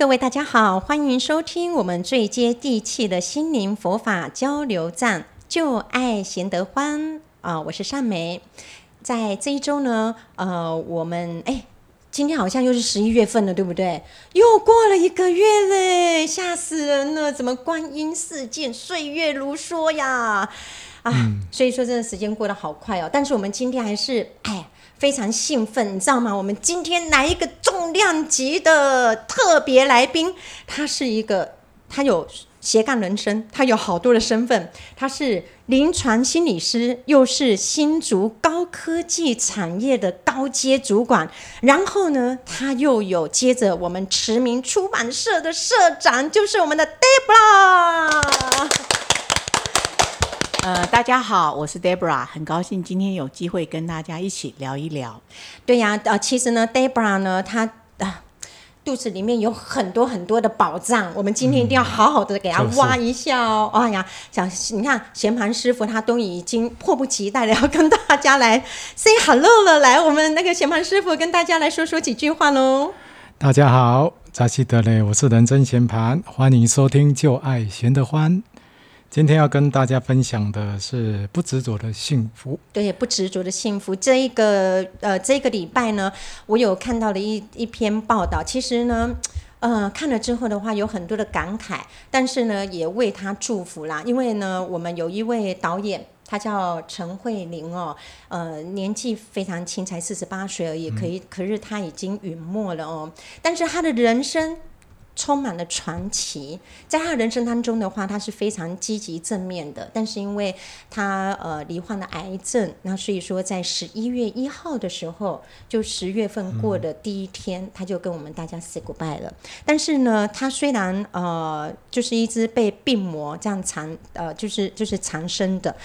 各位大家好，歡迎收聽我們最接地氣的心靈佛法交流站，就愛賢得歡啊、呃！我是善美。在這一周呢，呃，我們哎，今天好像又是十一月份了，對不對？又過了一個月嘞，嚇死人了！怎麼光陰似箭，歲月如梭呀？啊，所以說真的時間過得好快哦。但是我們今天還是哎。非常興奮，你知道嗎？我們今天來一個重量級的特別來賓，他是一個，他有斜槓人生，他有好多的身份，他是臨床心理師，又是新竹高科技產業的高階主管，然後呢，他又有接着我們持明出版社的社長，就是我們的 Deborah 呃，大家好，我是 Deborah，很高興今天有機會跟大家一起聊一聊。對呀、啊，呃，其實呢，Deborah 呢，她、呃、肚子裡面有很多很多的寶藏，我們今天一定要好好的給她挖一下哦。哎、嗯，就是哦、呀，小，你看，賢槃師傅他都已經迫不及待了要跟大家來 say hello 了。來，我們那個賢槃師傅跟大家來說說幾句話嘍。大家好，扎西德勒，我是仁增賢槃，歡迎收聽《就愛賢得歡》。今天要跟大家分享的是不執着的幸福。對，不執着的幸福。這一個呃，這個禮拜呢，我有看到了一一篇報道。其實呢，呃，看了之後的話，有很多的感慨，但是呢，也為他祝福啦。因為呢，我們有一位導演，他叫陳慧翎哦，呃，年紀非常輕，才四十八歲而已，嗯、可以，可是他已經隕沒了哦。但是他的人生。充滿了傳奇，在他人生當中的話，他是非常積極正面的。但是因為他呃罹患了癌症，那所以說在十一月一號的時候，就十月份過的第一天，他就跟我們大家 say goodbye 了。嗯、但是呢，他雖然呃就是一直被病魔這樣纏，呃就是就是纏身的，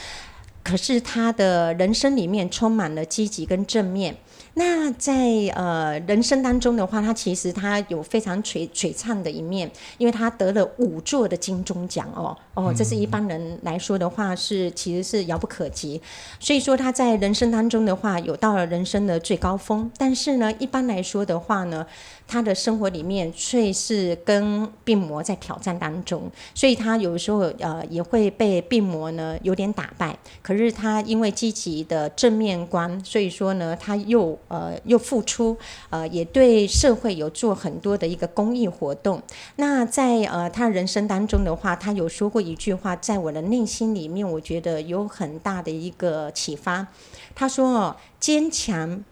可是他的人生裡面充滿了積極跟正面。那在呃人生當中的話，他其實他有非常璀璀璨的一面，因為他得了五座的金鐘獎哦哦，這是一般人來說的話是，嗯嗯嗯是其實是遙不可及，所以說他在人生當中的話有到了人生的最高峰，但是呢一般來說的話呢。他的生活裡面，卻是跟病魔在挑戰當中，所以他有時候呃也會被病魔呢有點打敗。可是他因為積極的正面觀，所以說呢，他又呃又付出，呃也對社會有做很多的一個公益活動。那在呃他人生當中的話，他有說過一句話，在我的內心裡面，我覺得有很大的一個啟發。他說：“哦，堅強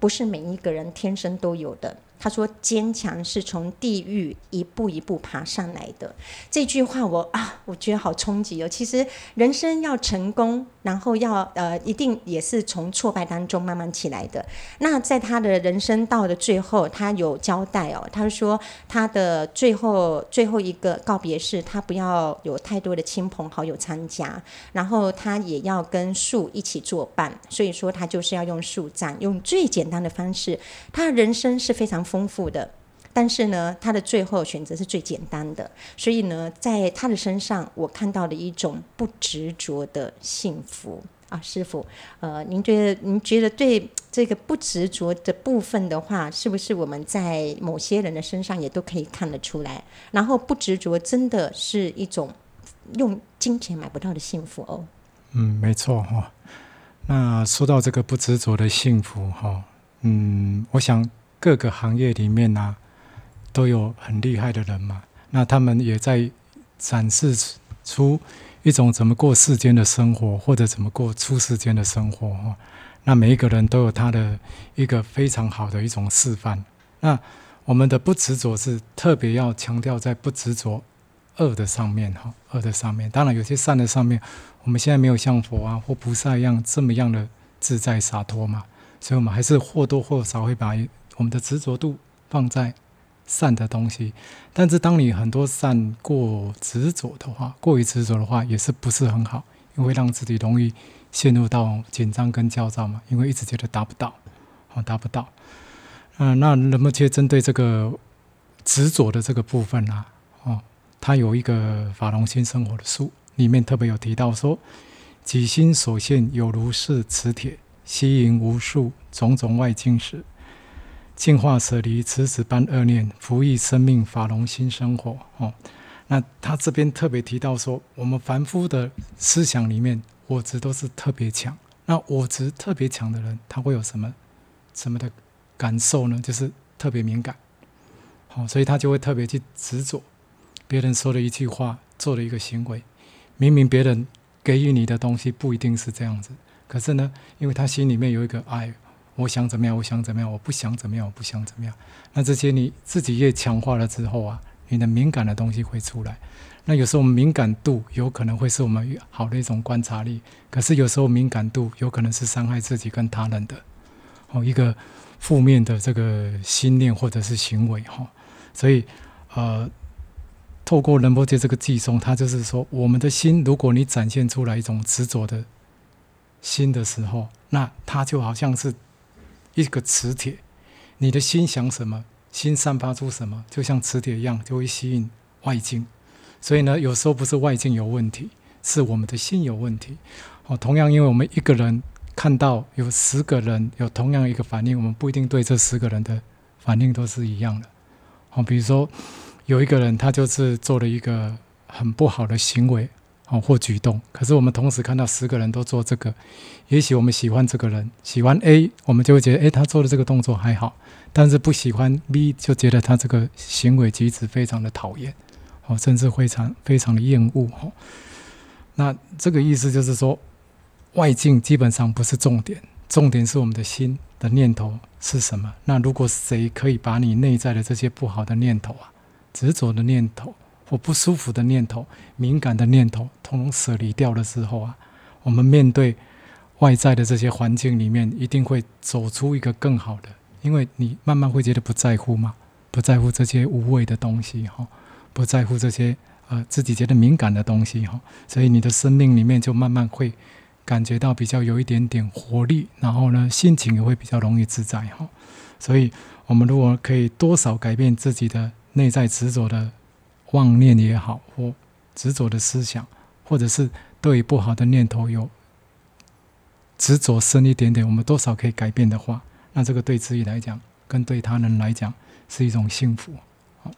不是每一個人天生都有的。”他說：“堅強是從地獄一步一步爬上來的。”這句話我啊，我覺得好衝擊哦。其實人生要成功，然後要呃，一定也是從挫敗當中慢慢起來的。那在他的人生到了最後，他有交代哦。他說他的最後最後一個告別式，他不要有太多的親朋好友參加，然後他也要跟樹一起作伴。所以說，他就是要用樹葬，用最簡單的方式。他人生是非常豐富的，但是呢，他的最後選擇是最簡單的，所以呢，在他的身上，我看到了一種不執着的幸福啊，師父，呃，您覺得您覺得對這個不執着的部分的話，是不是我們在某些人的身上也都可以看得出來？然後，不執着真的是一種用金錢買不到的幸福哦。嗯，沒錯哈。那說到這個不執着的幸福哈，嗯，我想。各個行業裡面呢、啊，都有很厲害的人嘛。那他們也在展示出一種怎麼過世間的生活，或者怎麼過出世間的生活。那每一個人都有他的一個非常好的一種示範。那我們的不執着是特別要強調在不執着惡的上面哈，惡的上面。當然有些善的上面，我們現在沒有像佛啊或菩薩一樣這麼樣的自在灑脫嘛，所以我們還是或多或少會把。我們的執着都放在善的東西，但是當你很多善過執着的話，過於執着的話也是不是很好，因為讓自己容易陷入到緊張跟焦躁嘛，因為一直覺得達不到，哦，達不到。嗯，那能不能針對這個執着的這個部分呢、啊？哦，他有一個法融心生活的書裡面特別有提到說，己心所現有如是磁鐵，吸引無數種種外境時。淨化舍離，此此般惡念，服役生命，法融心生活。哦，那他這邊特別提到說，我們凡夫的思想裡面，我執都是特別強。那我執特別強的人，他會有什麼什麼的感受呢？就是特別敏感。好、哦，所以他就會特別去執着別人說的一句話，做的一個行為。明明別人給予你的東西不一定是這樣子，可是呢，因為他心裡面有一個愛。我想怎麼樣？我想怎麼樣？我不想怎麼樣？我不想怎麼樣？那這些你自己越強化了之後啊，你的敏感的東西會出來。那有時候敏感度有可能會是我們好的一種觀察力，可是有時候敏感度有可能是傷害自己跟他人的哦一個負面的這個心念或者是行為哈。所以呃，透過仁波切這個偈頌，他就是說，我們的心，如果你展現出來一種執着的心的時候，那他就好像是。一個磁鐵，你的心想什麼，心散發出什麼，就像磁鐵一樣，就會吸引外境。所以呢，有時候不是外境有問題，是我們的心有問題。哦，同樣，因為我們一個人看到有十個人有同樣一個反應，我們不一定對這十個人的反應都是一樣的。哦，比如說有一個人他就是做了一個很不好的行為。哦，或舉動，可是我們同時看到十個人都做這個，也許我們喜歡這個人，喜歡 A，我們就會覺得，誒、欸，他做的這個動作還好，但是不喜歡 B，就覺得他這個行為舉止非常的討厭，哦，甚至非常非常的厭惡，吼、哦。那這個意思就是說，外境基本上不是重點，重點是我們的心的念頭是什麼？那如果誰可以把你內在的這些不好的念頭啊、執着的念頭，或不舒服的念頭、敏感的念頭，通通捨離掉的時候啊，我們面對外在的這些環境裡面，一定會走出一個更好的。因為你慢慢會覺得不在乎嘛，不在乎這些無謂的東西哈、哦，不在乎這些啊、呃、自己覺得敏感的東西哈、哦，所以你的生命裡面就慢慢會感覺到比較有一點點活力，然後呢，心情也會比較容易自在哈、哦。所以，我們如果可以多少改變自己的內在執着的。妄念也好，或執着的思想，或者是對不好的念頭有執着深一點點，我們多少可以改變的話，那這個對自己來講，跟對他人來講是一種幸福。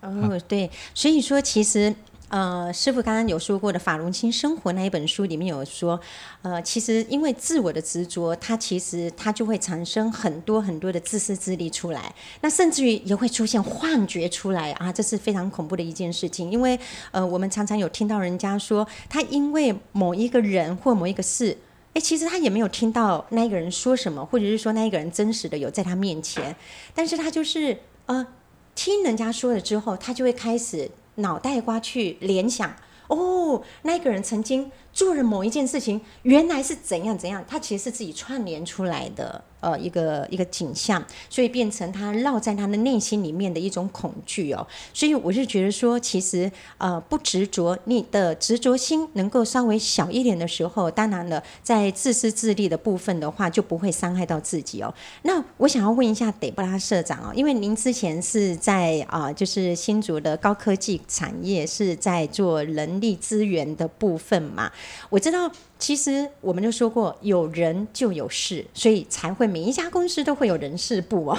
哦，好，對，所以說其實。呃，師父剛剛有說過的《法融心生活》那一本書裡面有說，呃，其實因為自我的執着，它其實它就會產生很多很多的自私自利出來，那甚至於也會出現幻覺出來啊，這是非常恐怖的一件事情。因為呃，我們常常有聽到人家說，他因為某一個人或某一個事，誒，其實他也沒有聽到那一個人說什麼，或者是說那一個人真實的有在他面前，但是他就是呃，聽人家說了之後，他就會開始。腦袋瓜去聯想哦，那個人曾經，做了某一件事情，原來是怎樣怎樣，它其實是自己串聯出來的，呃，一個一個景象，所以變成它烙在他的內心裡面的一種恐懼哦。所以我就覺得說，其實呃不執着，你的執着心能夠稍微小一點的時候，當然了，在自私自利的部分的話，就不會傷害到自己哦。那我想要問一下德布拉社長哦，因為您之前是在啊、呃，就是新竹的高科技產業是在做人力資源的部分嘛。我知道，其實我們就說過，有人就有事，所以才會每一家公司都會有人事部哦。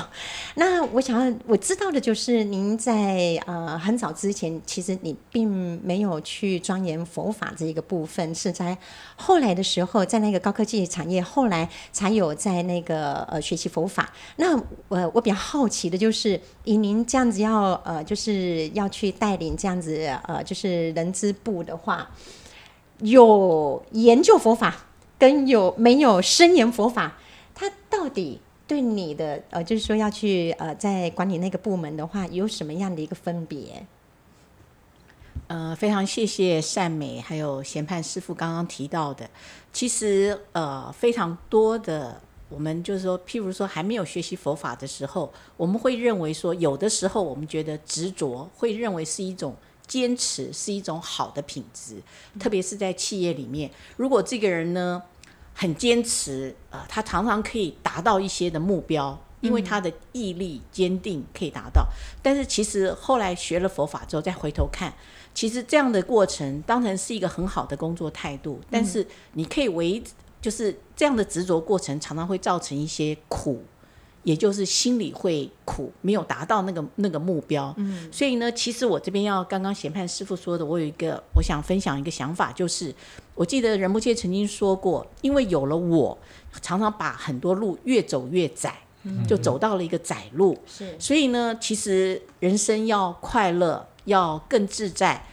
那我想要我知道的就是，您在呃很早之前，其實你並沒有去鑽研佛法這一個部分，是在後來的時候，在那個高科技產業後來才有在那個呃學習佛法。那我、呃、我比較好奇的就是，以您這樣子要呃就是要去帶領這樣子呃就是人資部的話。有研究佛法跟有沒有深研佛法，它到底對你的呃，就是說要去呃，在管理那個部門的話，有什麼樣的一個分別？呃，非常謝謝善美還有賢槃師父剛剛提到的，其實呃，非常多的，我們就是說，譬如說還沒有學習佛法的時候，我們會認為說，有的時候我們覺得執着會認為是一種。堅持是一種好的品質，特別是在企業裡面，如果這個人呢很堅持，啊、呃，他常常可以達到一些的目標，因為他的毅力堅定可以達到。嗯、但是其實後來學了佛法之後再回頭看，其實這樣的過程當然是一個很好的工作態度，嗯、但是你可以為就是這樣的執着過程常常會造成一些苦。也就是心裡會苦，沒有達到那個那個目標，嗯、所以呢，其實我這邊要剛剛賢槃師父說的，我有一個，我想分享一個想法，就是我記得仁波切曾經說過，因為有了我，常常把很多路越走越窄，嗯、就走到了一個窄路，是所以呢，其實人生要快樂，要更自在，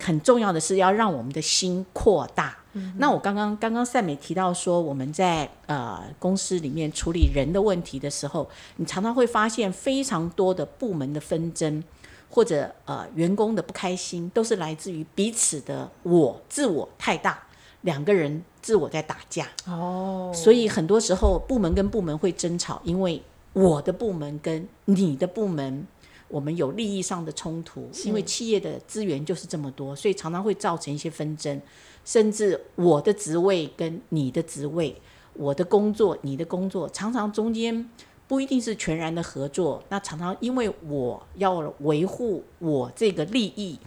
很重要的是要讓我們的心擴大。那我剛剛剛剛賽美提到說，我們在呃公司裡面處理人的問題的時候，你常常會發現非常多的部門的紛爭，或者呃員工的不開心，都是來自於彼此的我自我太大，兩個人自我在打架。哦，oh. 所以很多時候部門跟部門會爭吵，因為我的部門跟你的部門，我們有利益上的衝突，是因為企業的資源就是這麼多，所以常常會造成一些紛爭。甚至我的職位跟你的職位，我的工作你的工作，常常中間不一定是全然的合作。那常常因為我要維護我這個利益，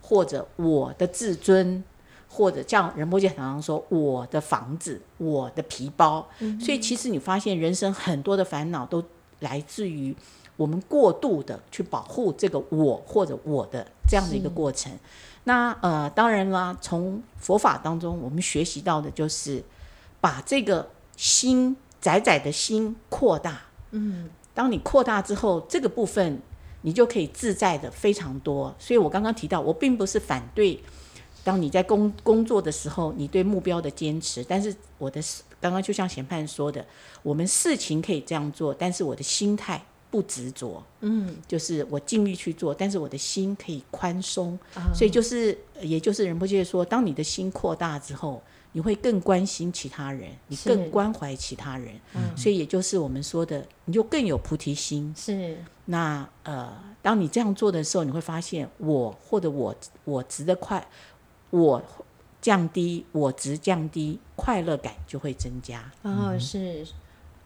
或者我的自尊，或者像仁波切常常說，我的房子、我的皮包。嗯嗯，所以其實你發現人生很多的煩惱都來自於我們過度的去保護這個我或者我的這樣的一個過程。那呃，當然啦，從佛法當中我們學習到的就是把這個心窄窄的心擴大。嗯，當你擴大之後，這個部分你就可以自在的非常多。所以我剛剛提到，我並不是反對當你在工工作的時候，你對目標的堅持。但是我的剛剛就像賢槃說的，我們事情可以這樣做，但是我的心態。不執着，嗯，就是我盡力去做，嗯、但是我的心可以寬鬆，嗯、所以就是，呃、也就是仁波切說，當你的心擴大之後，你會更關心其他人，你更關懷其他人，嗯、所以也就是我們說的，你就更有菩提心。是。那呃，當你這樣做的時候，你會發現我，我或者我我值得快，我降低我執降低，快樂感就會增加。然後、嗯哦、是，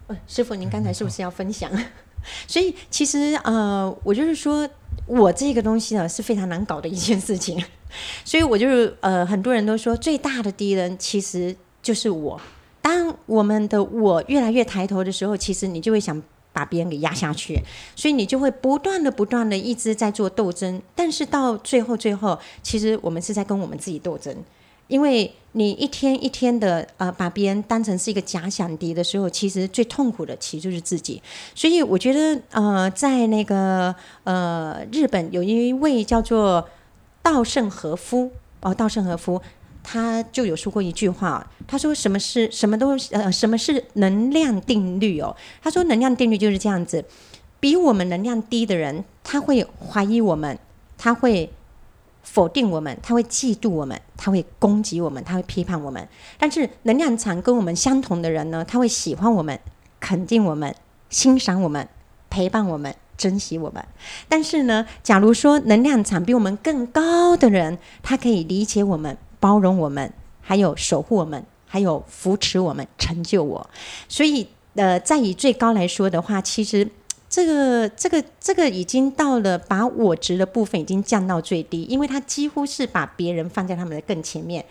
呃、師父，您剛才是不是要分享？嗯所以其實呃，我就是說，我這個東西呢是非常難搞的一件事情。所以我就是呃，很多人都說最大的敵人其實就是我。當我們的我越來越抬頭的時候，其實你就會想把別人給壓下去，所以你就會不斷的、不斷的一直在做鬥爭。但是到最後、最後，其實我們是在跟我們自己鬥爭。因為你一天一天的呃，把別人當成是一個假想敵的時候，其實最痛苦的其實就是自己。所以我覺得呃，在那個呃日本有一位叫做稻盛和夫哦，稻盛和夫，他就有說過一句話，他說什麼是什麼東西呃，什麼是能量定律哦？他說能量定律就是這樣子，比我們能量低的人，他會懷疑我們，他會。否定我們，他會嫉妒我們，他會攻擊我們，他會批判我們。但是能量場跟我們相同的人呢，他會喜歡我們，肯定我們，欣賞我們，陪伴我們，珍惜我們。但是呢，假如說能量場比我們更高的人，他可以理解我們，包容我們，還有守護我們，還有扶持我們，成就我。所以，呃，在以最高來說的話，其實。這個這個這個已經到了把我執的部分已經降到最低，因為他幾乎是把別人放在他們的更前面。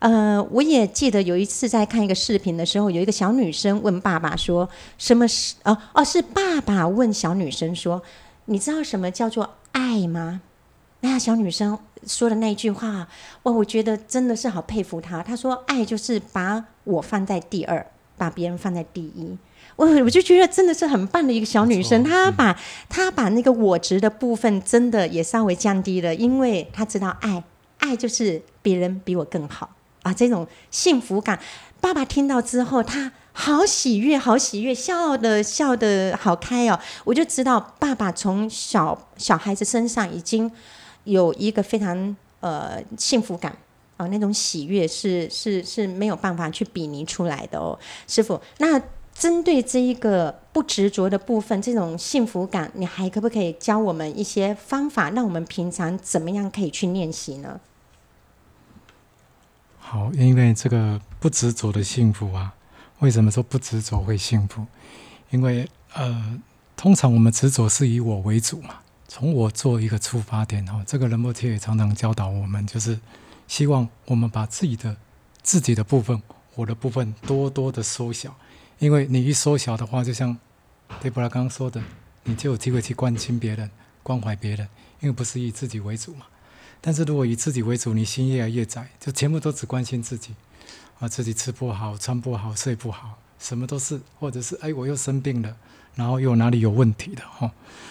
呃，我也記得有一次在看一個視頻的時候，有一個小女生問爸爸說：“什麼是？”哦哦，是爸爸問小女生說：“你知道什麼叫做愛嗎？”那小女生說的那句話，我、哦、我覺得真的是好佩服她。她說：“愛就是把我放在第二。”把別人放在第一，我我就覺得真的是很棒的一個小女生。哦嗯、她把她把那個我執的部分，真的也稍微降低了，因為她知道愛，愛就是別人比我更好啊。這種幸福感，爸爸聽到之後，他好喜悅，好喜悅，笑得笑得好開哦。我就知道，爸爸從小小孩子身上已經有一個非常呃幸福感。啊、哦，那種喜悅是是是沒有辦法去比擬出來的哦，師父。那針對這一個不執着的部分，這種幸福感，你還可不可以教我們一些方法，讓我們平常怎麼樣可以去練習呢？好，因為這個不執着的幸福啊，為什麼說不執着會幸福？因為呃，通常我們執着是以我為主嘛。從我做一個出發點，這個仁波切也常常教導我們，就是希望我們把自己的自己的部分，我的部分多多的縮小，因為你一縮小的話，就像 Deborah 剛剛說的，你就有機會去關心別人、關懷別人，因為不是以自己為主嘛。但是如果以自己為主，你心越來越窄，就全部都只關心自己啊，自己吃不好、穿不好、睡不好，什麼都是，或者是哎，我又生病了。然後又有哪裡有問題的，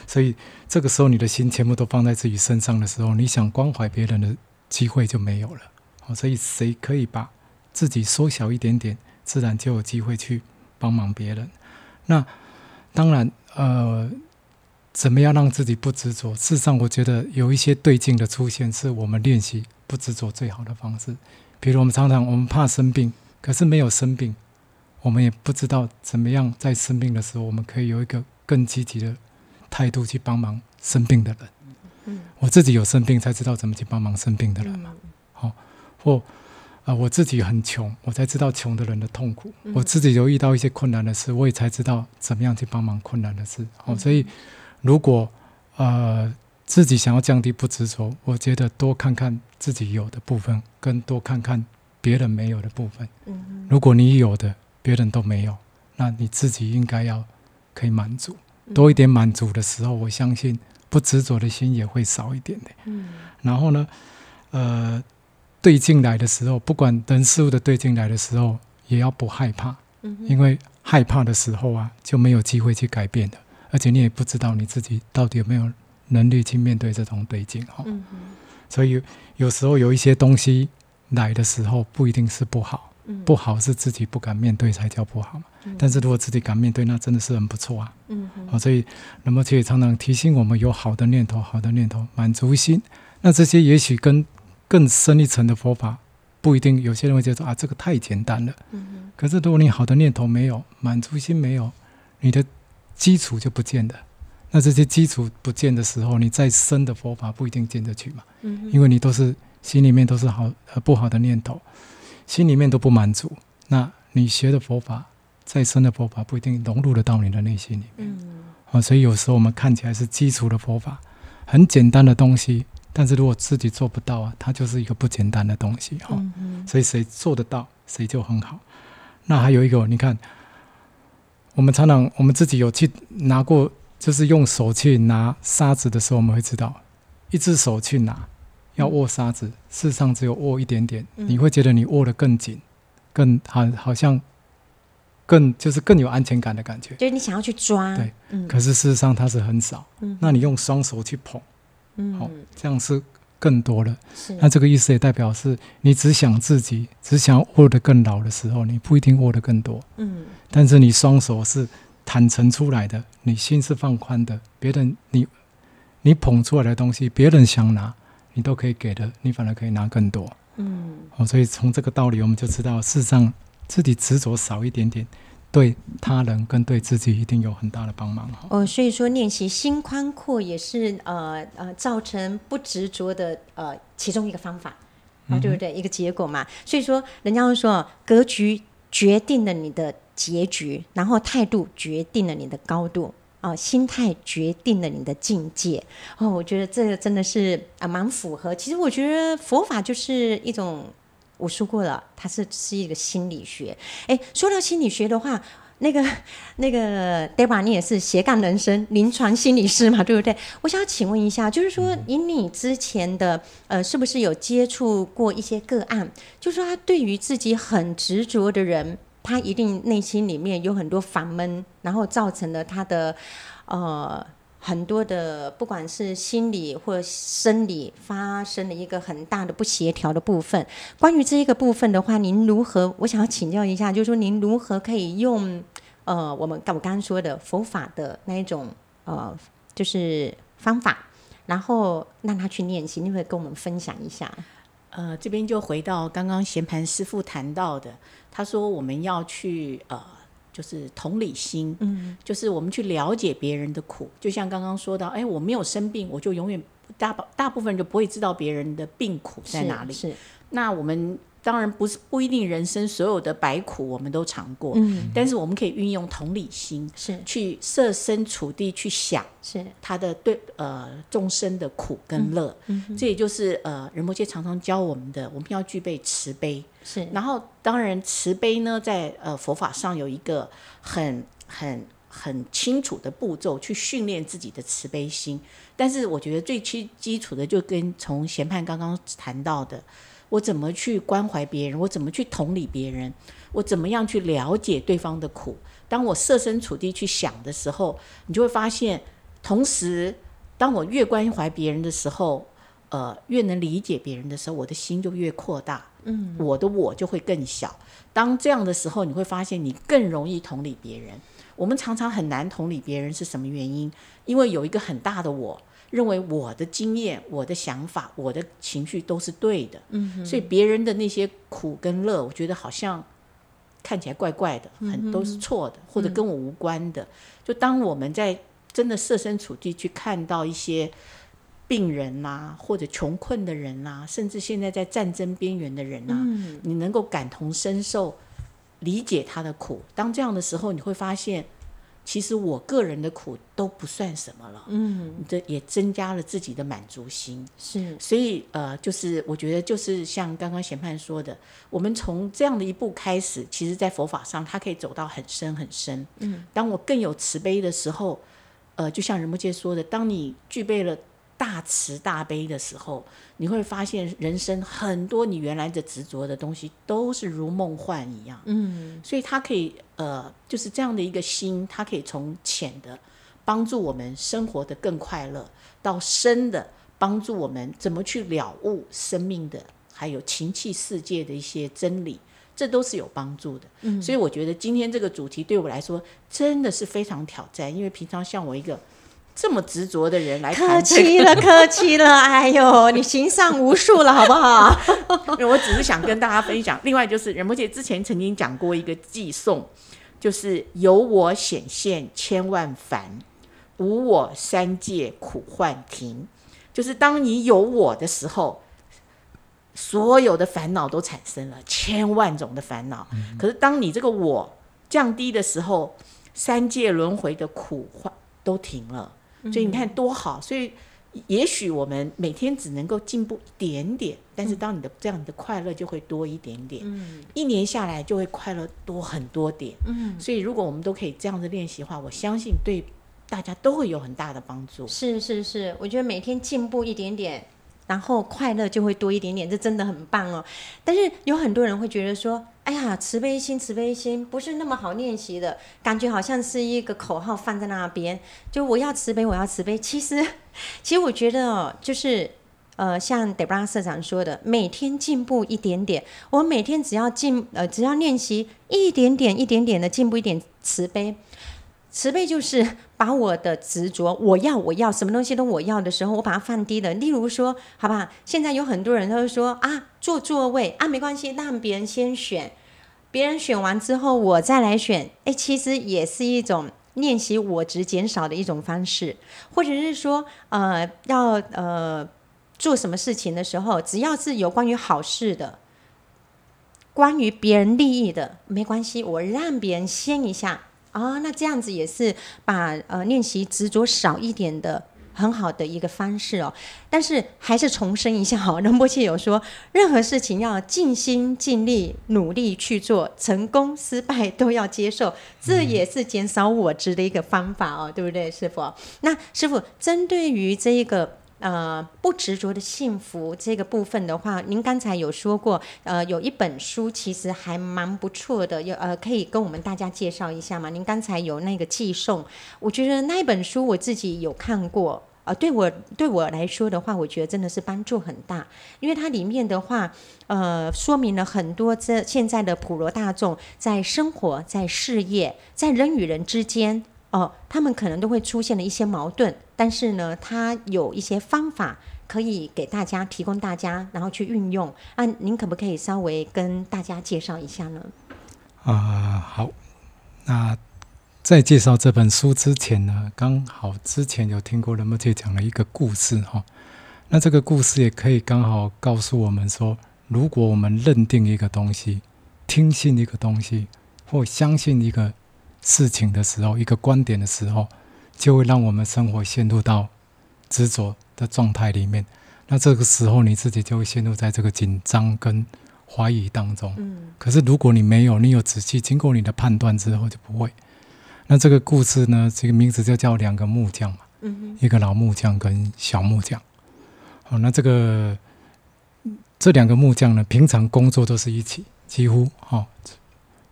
所以這個時候你的心全部都放在自己身上的時候，你想關懷別人的機會就沒有了哦。所以誰可以把自己縮小一點點，自然就有機會去幫忙別人。那當然，呃，怎麼樣讓自己不執着？事實上，我覺得有一些對境的出現，是我們練習不執着最好的方式。比如我們常常我們怕生病，可是沒有生病。我們也不知道怎麼樣在生病的時候，我們可以有一個更積極的態度去幫忙生病的人。我自己有生病才知道怎麼去幫忙生病的人嘛。好，或啊、呃，我自己很窮，我才知道窮的人的痛苦。我自己有遇到一些困難的事，我也才知道怎麼樣去幫忙困難的事。好，所以如果啊、呃，自己想要降低不執著，我覺得多看看自己有的部分，跟多看看別人沒有的部分。嗯，如果你有的。別人都沒有，那你自己應該要可以滿足，多一點滿足的時候，嗯、我相信不執着的心也會少一點的。嗯，然後呢，呃，對境來的時候，不管人事物的對境來的時候，也要不害怕，嗯、哼因為害怕的時候啊，就沒有機會去改變的，而且你也不知道你自己到底有沒有能力去面對這種對境哈。嗯哼，所以有時候有一些東西來的時候，不一定是不好。不好是自己不敢面對才叫不好。嗯、哼但是如果自己敢面對，那真的是很不錯啊。嗯哼哦、所以那麼卻常常提醒我們，有好的念頭，好的念頭，滿足心。那這些也許跟更深一層的佛法不一定。有些人會覺得啊，這個太簡單了。嗯、哼可是如果你好的念頭沒有，滿足心沒有，你的基礎就不見了。那這些基礎不見的時候，你再深的佛法不一定進得去嘛。嗯、哼因為你都是心裡面都是好呃不好的念頭。心裡面都不滿足，那你學的佛法再深的佛法不一定融入得到你的內心裡面啊、嗯哦。所以有時候我們看起來是基礎的佛法，很簡單的東西，但是如果自己做不到啊，它就是一個不簡單的東西哈。哦嗯、哼所以誰做得到，誰就很好。那還有一個，你看我們常常我們自己有去拿過，就是用手去拿沙子的時候，我們會知道，一隻手去拿。要握沙子，事實上只有握一點點，你會覺得你握得更緊，更好，好像更就是更有安全感的感覺。就是你想要去抓，對，嗯。可是事實上它是很少，那你用雙手去捧，嗯，好，哦，這樣是更多的。是。那這個意思也代表是，你只想自己，只想握得更牢的時候，你不一定握得更多，嗯。但是你雙手是坦誠出來的，你心是放寬的，別人你你捧出來的東西，別人想拿。你都可以給的，你反而可以拿更多。嗯，哦，所以從這個道理，我們就知道，事實上自己執着少一點點，對他人跟對自己一定有很大的幫忙。哦，所以說練習心寬闊也是呃呃造成不執着的呃其中一個方法，啊、嗯、對不對？一個結果嘛。所以說人家會說，說，格局決定了你的結局，然後態度決定了你的高度。哦，心態決定了你的境界哦，我覺得這個真的是啊、呃，蠻符合。其實我覺得佛法就是一種，我說過了，它是是一個心理學。誒，說到心理學的話，那個那個 Deborah，你也是斜槓人生，臨床心理師嘛，對不對？我想要請問一下，就是說以你之前的呃，是不是有接觸過一些個案？就是說他對於自己很執着的人，他一定內心裡面有很多煩悶，然後造成了他的呃很多的，不管是心理或生理發生了一個很大的不協調的部分。關於這一個部分的話，您如何？我想要請教一下，就是說您如何可以用呃我們我剛剛說的佛法的那一種呃就是方法，然後讓他去練習，你會跟我們分享一下？呃，這邊就回到剛剛賢槃師父談到的。他說：“我們要去，呃，就是同理心，嗯，就是我們去了解別人的苦。就像剛剛說到，哎，欸，我沒有生病，我就永遠大大部分人就不會知道別人的病苦在哪裡。是，是，那我們。”當然不是，不一定人生所有的百苦我們都嘗過，嗯哼，但是我們可以運用同理心，是去設身處地去想，是他的對是呃眾生的苦跟樂，這也、嗯、哼就是呃仁波切常常教我們的，我們要具備慈悲是。然後當然慈悲呢，在呃佛法上有一個很很很清楚的步驟去訓練自己的慈悲心，但是我覺得最基基礎的就跟從賢槃剛剛談到的。我怎麼去關懷別人？我怎麼去同理別人？我怎麼樣去了解對方的苦？當我設身處地去想的時候，你就會發現，同時，當我越關懷別人的時候，呃，越能理解別人的時候，我的心就越擴大，嗯，我的我就會更小。當這樣的時候，你會發現你更容易同理別人。我們常常很難同理別人是什麼原因？因為有一個很大的我。認為我的經驗、我的想法、我的情緒都是對的，嗯、哼所以別人的那些苦跟樂，我覺得好像看起來怪怪的，嗯、哼很都是錯的，或者跟我無關的。嗯、就當我們在真的設身處地去看到一些病人吶、啊，或者窮困的人吶、啊，甚至現在在戰爭邊緣的人吶、啊，嗯、哼你能夠感同身受，理解他的苦。當這樣的時候，你會發現。其實我個人的苦都不算什麼了，嗯，這也增加了自己的滿足心，是，所以呃，就是我覺得就是像剛剛賢槃說的，我們從這樣的一步開始，其實在佛法上，它可以走到很深很深。嗯，當我更有慈悲的時候，呃，就像仁波切說的，當你具備了，大慈大悲的時候，你會發現人生很多你原來的執着的東西都是如夢幻一樣。嗯，所以他可以呃，就是這樣的一個心，他可以從淺的幫助我們生活得更快樂，到深的幫助我們怎麼去了悟生命的，還有情器世界的一些真理，這都是有幫助的。嗯，所以我覺得今天這個主題對我來說真的是非常挑戰，因為平常像我一個。這麼執着的人來談這個，客氣了， 客氣了，哎呦，你行善無數了，好不好？因為 我只是想跟大家分享。另外就是仁波切之前曾經講過一個偈頌，就是有我顯現千萬煩，無我三界苦幻停。就是當你有我的時候，所有的煩惱都產生了，千萬種的煩惱。嗯。可是當你這個我降低的時候，三界輪回的苦患都停了。所以你看多好，所以也許我們每天只能夠進步一點點，但是當你的這樣你的快樂就會多一點點，一年下來就會快樂多很多點，所以如果我們都可以這樣子練習的話，我相信對大家都會有很大的幫助。是是是，我覺得每天進步一點點。然後快樂就會多一點點，這真的很棒哦。但是有很多人會覺得說：“哎呀，慈悲心，慈悲心不是那麼好練習的，感覺好像是一個口號放在那邊，就我要慈悲，我要慈悲。”其實，其實我覺得哦，就是呃，像 Deborah 社長說的，每天進步一點點，我每天只要進呃，只要練習一點點，一點點的進步一點慈悲，慈悲就是。把我的執着，我要，我要什麼東西都我要的時候，我把它放低了。例如說，好吧，現在有很多人他會說啊，坐座位啊，沒關係，讓別人先選，別人選完之後我再來選。哎，其實也是一種練習我執減少的一種方式，或者是說，呃，要呃做什麼事情的時候，只要是有關於好事的，關於別人利益的，沒關係，我讓別人先一下。啊、哦，那這樣子也是把呃練習執着少一點的很好的一個方式哦。但是還是重申一下哈、哦，仁波切有說，任何事情要盡心盡力努力去做，成功失敗都要接受，這也是減少我執的一個方法哦，嗯、對不對，師傅？那師傅針對於這一個。呃，不執着的幸福這個部分的話，您剛才有說過，呃，有一本書其實還蠻不錯的，有呃，可以跟我們大家介紹一下嗎？您剛才有那個寄送，我覺得那一本書我自己有看過，呃，對我對我來說的話，我覺得真的是幫助很大，因為它裡面的話，呃，說明了很多這現在的普羅大眾在生活、在事業、在人與人之間。哦，他們可能都會出現了一些矛盾，但是呢，他有一些方法可以給大家提供大家，然後去運用。啊，您可不可以稍微跟大家介紹一下呢？啊，好。那在介紹這本書之前呢，剛好之前有聽過仁波切講了一個故事哈、哦。那這個故事也可以剛好告訴我們說，如果我們認定一個東西、聽信一個東西或相信一個。事情的時候，一個觀點的時候，就會讓我們生活陷入到執着的狀態裡面。那這個時候，你自己就會陷入在這個緊張跟懷疑當中。嗯。可是，如果你沒有，你有仔細經過你的判斷之後，就不會。那這個故事呢，這個名字就叫兩個木匠嘛。嗯哼。一個老木匠跟小木匠。好，那這個這兩個木匠呢，平常工作都是一起，幾乎哈。哦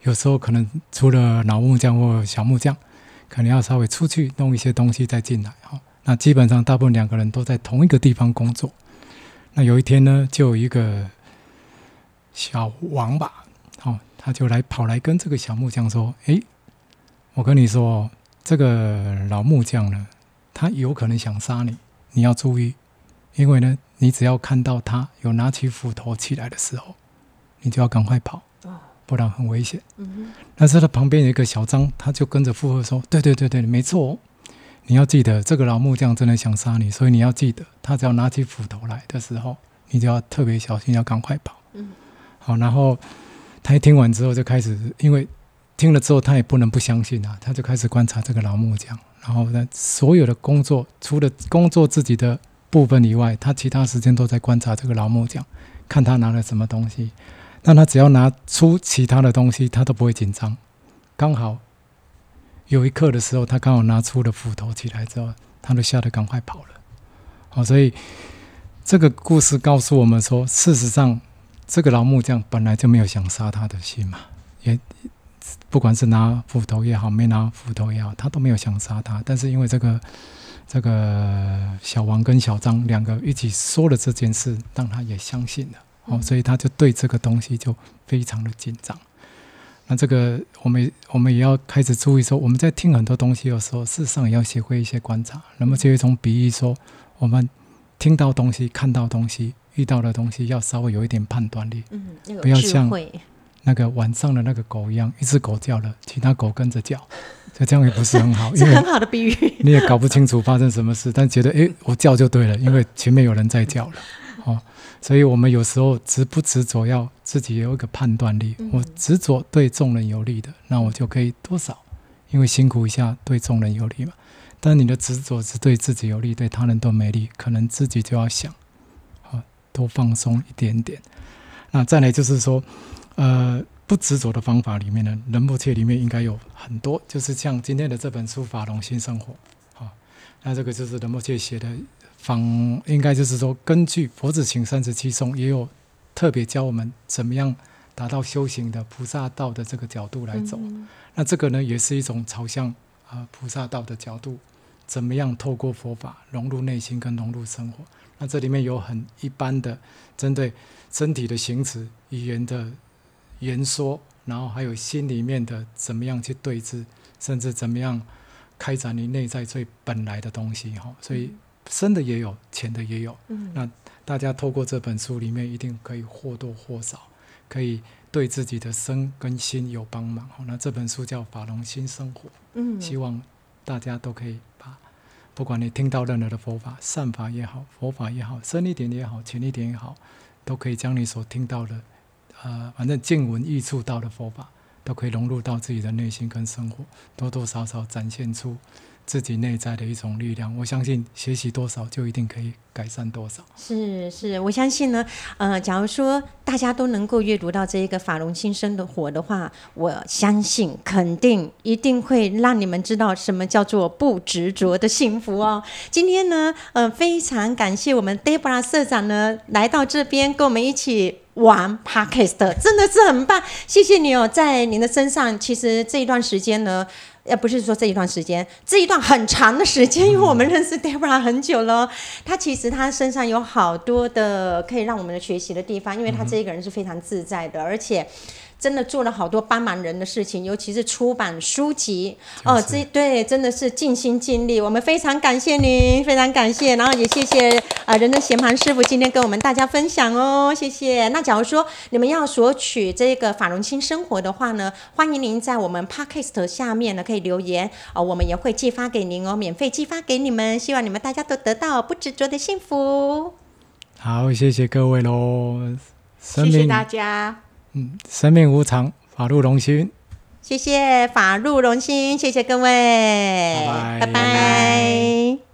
有時候可能除了老木匠或小木匠，可能要稍微出去弄一些東西再進來哈。那基本上大部分兩個人都在同一個地方工作。那有一天呢，就有一個小王吧，哦，他就來跑來跟這個小木匠說：“誒，我跟你說，這個老木匠呢，他有可能想殺你，你要注意，因為呢，你只要看到他有拿起斧頭起來的時候，你就要趕快跑。”不然很危險。嗯，但是他旁邊有一個小張，他就跟着附和說：“對對對對，沒錯。你要記得，這個老木匠真的想殺你，所以你要記得，他只要拿起斧頭來的時候，你就要特別小心，要趕快跑。”嗯，好。然後他一聽完之後，就開始，因為聽了之後，他也不能不相信啊，他就開始觀察這個老木匠。然後呢，所有的工作除了工作自己的部分以外，他其他時間都在觀察這個老木匠，看他拿了什麼東西。那他只要拿出其他的東西，他都不會緊張。剛好有一刻的時候，他剛好拿出了斧頭起來之後，他都嚇得趕快跑了。好，所以這個故事告訴我們說，事實上，這個老木匠本來就沒有想殺他的心嘛，也不管是拿斧頭也好，沒拿斧頭也好，他都沒有想殺他。但是因為這個這個小王跟小張兩個一起說了這件事，讓他也相信了。哦，所以他就對這個東西就非常的緊張。那這個我們我們也要開始注意說，我們在聽很多東西的時候，事實上也要學會一些觀察。那麼，就有一種比喻說，我們聽到東西、看到東西、遇到的東西，要稍微有一點判斷力，嗯那個、不要像那個晚上的那個狗一樣，一隻狗叫了，其他狗跟着叫，所以這樣也不是很好。是很好的比喻，你也搞不清楚發生什麼事， 但覺得誒、欸，我叫就對了，因為前面有人在叫了。哦。所以，我們有時候執不執着，要自己有一個判斷力。我執着對眾人有利的，那我就可以多少，因為辛苦一下對眾人有利嘛。但你的執着只對自己有利，對他人都沒利，可能自己就要想，啊，多放鬆一點點。那再來就是說，呃，不執着的方法裡面呢，仁波切裡面應該有很多，就是像今天的這本書《法融心生活》。好，那這個就是仁波切寫的。仿應該就是說，根據《佛子行三十七頌》也有特別教我們怎麼樣達到修行的菩薩道的這個角度來走。嗯嗯，那這個呢，也是一種朝向啊、呃、菩薩道的角度，怎麼樣透過佛法融入內心跟融入生活？那這裡面有很一般的針對身體的行持、語言的言說，然後還有心裡面的怎麼樣去對治，甚至怎麼樣開展你內在最本來的東西哈。所以、嗯。深的也有，淺的也有。那大家透過這本書裡面，一定可以或多或少，可以對自己的身跟心有幫忙。那這本書叫《法融心生活》。希望大家都可以把，不管你聽到任何的佛法，善法也好，佛法也好，深一點也好，淺一點也好，都可以將你所聽到的，呃，反正見聞遇觸到的佛法，都可以融入到自己的內心跟生活，多多少少展現出。自己內在的一種力量，我相信學習多少就一定可以改善多少。是是，我相信呢。呃，假如說大家都能夠閱讀到這一個法融心生活的話，我相信肯定一定會讓你們知道什麼叫做不執着的幸福哦。今天呢，呃，非常感謝我們 Deborah 社長呢來到這邊跟我們一起玩 Podcast，真的是很棒，謝謝你哦。在您的身上，其實這一段時間呢。也不是說這一段時間，這一段很長的時間，因為我們認識 Deborah 很久了，他、嗯、其實他身上有好多的可以讓我們的學習的地方，因為他這一個人是非常自在的，而且。真的做了好多幫忙人的事情，尤其是出版書籍哦、就是呃，這對真的是盡心盡力。我們非常感謝您，非常感謝，然後也謝謝啊仁、呃、的賢槃師傅今天跟我們大家分享哦，謝謝。那假如說你們要索取這個法融心生活的話呢，歡迎您在我們 Podcast 下面呢可以留言哦、呃，我們也會寄發給您哦，免費寄發給你們。希望你們大家都得到不執着的幸福。好，謝謝各位嘍，謝謝大家。嗯，生命無常，法露榮心。謝謝法露榮心，謝謝各位，拜拜。拜拜，拜拜。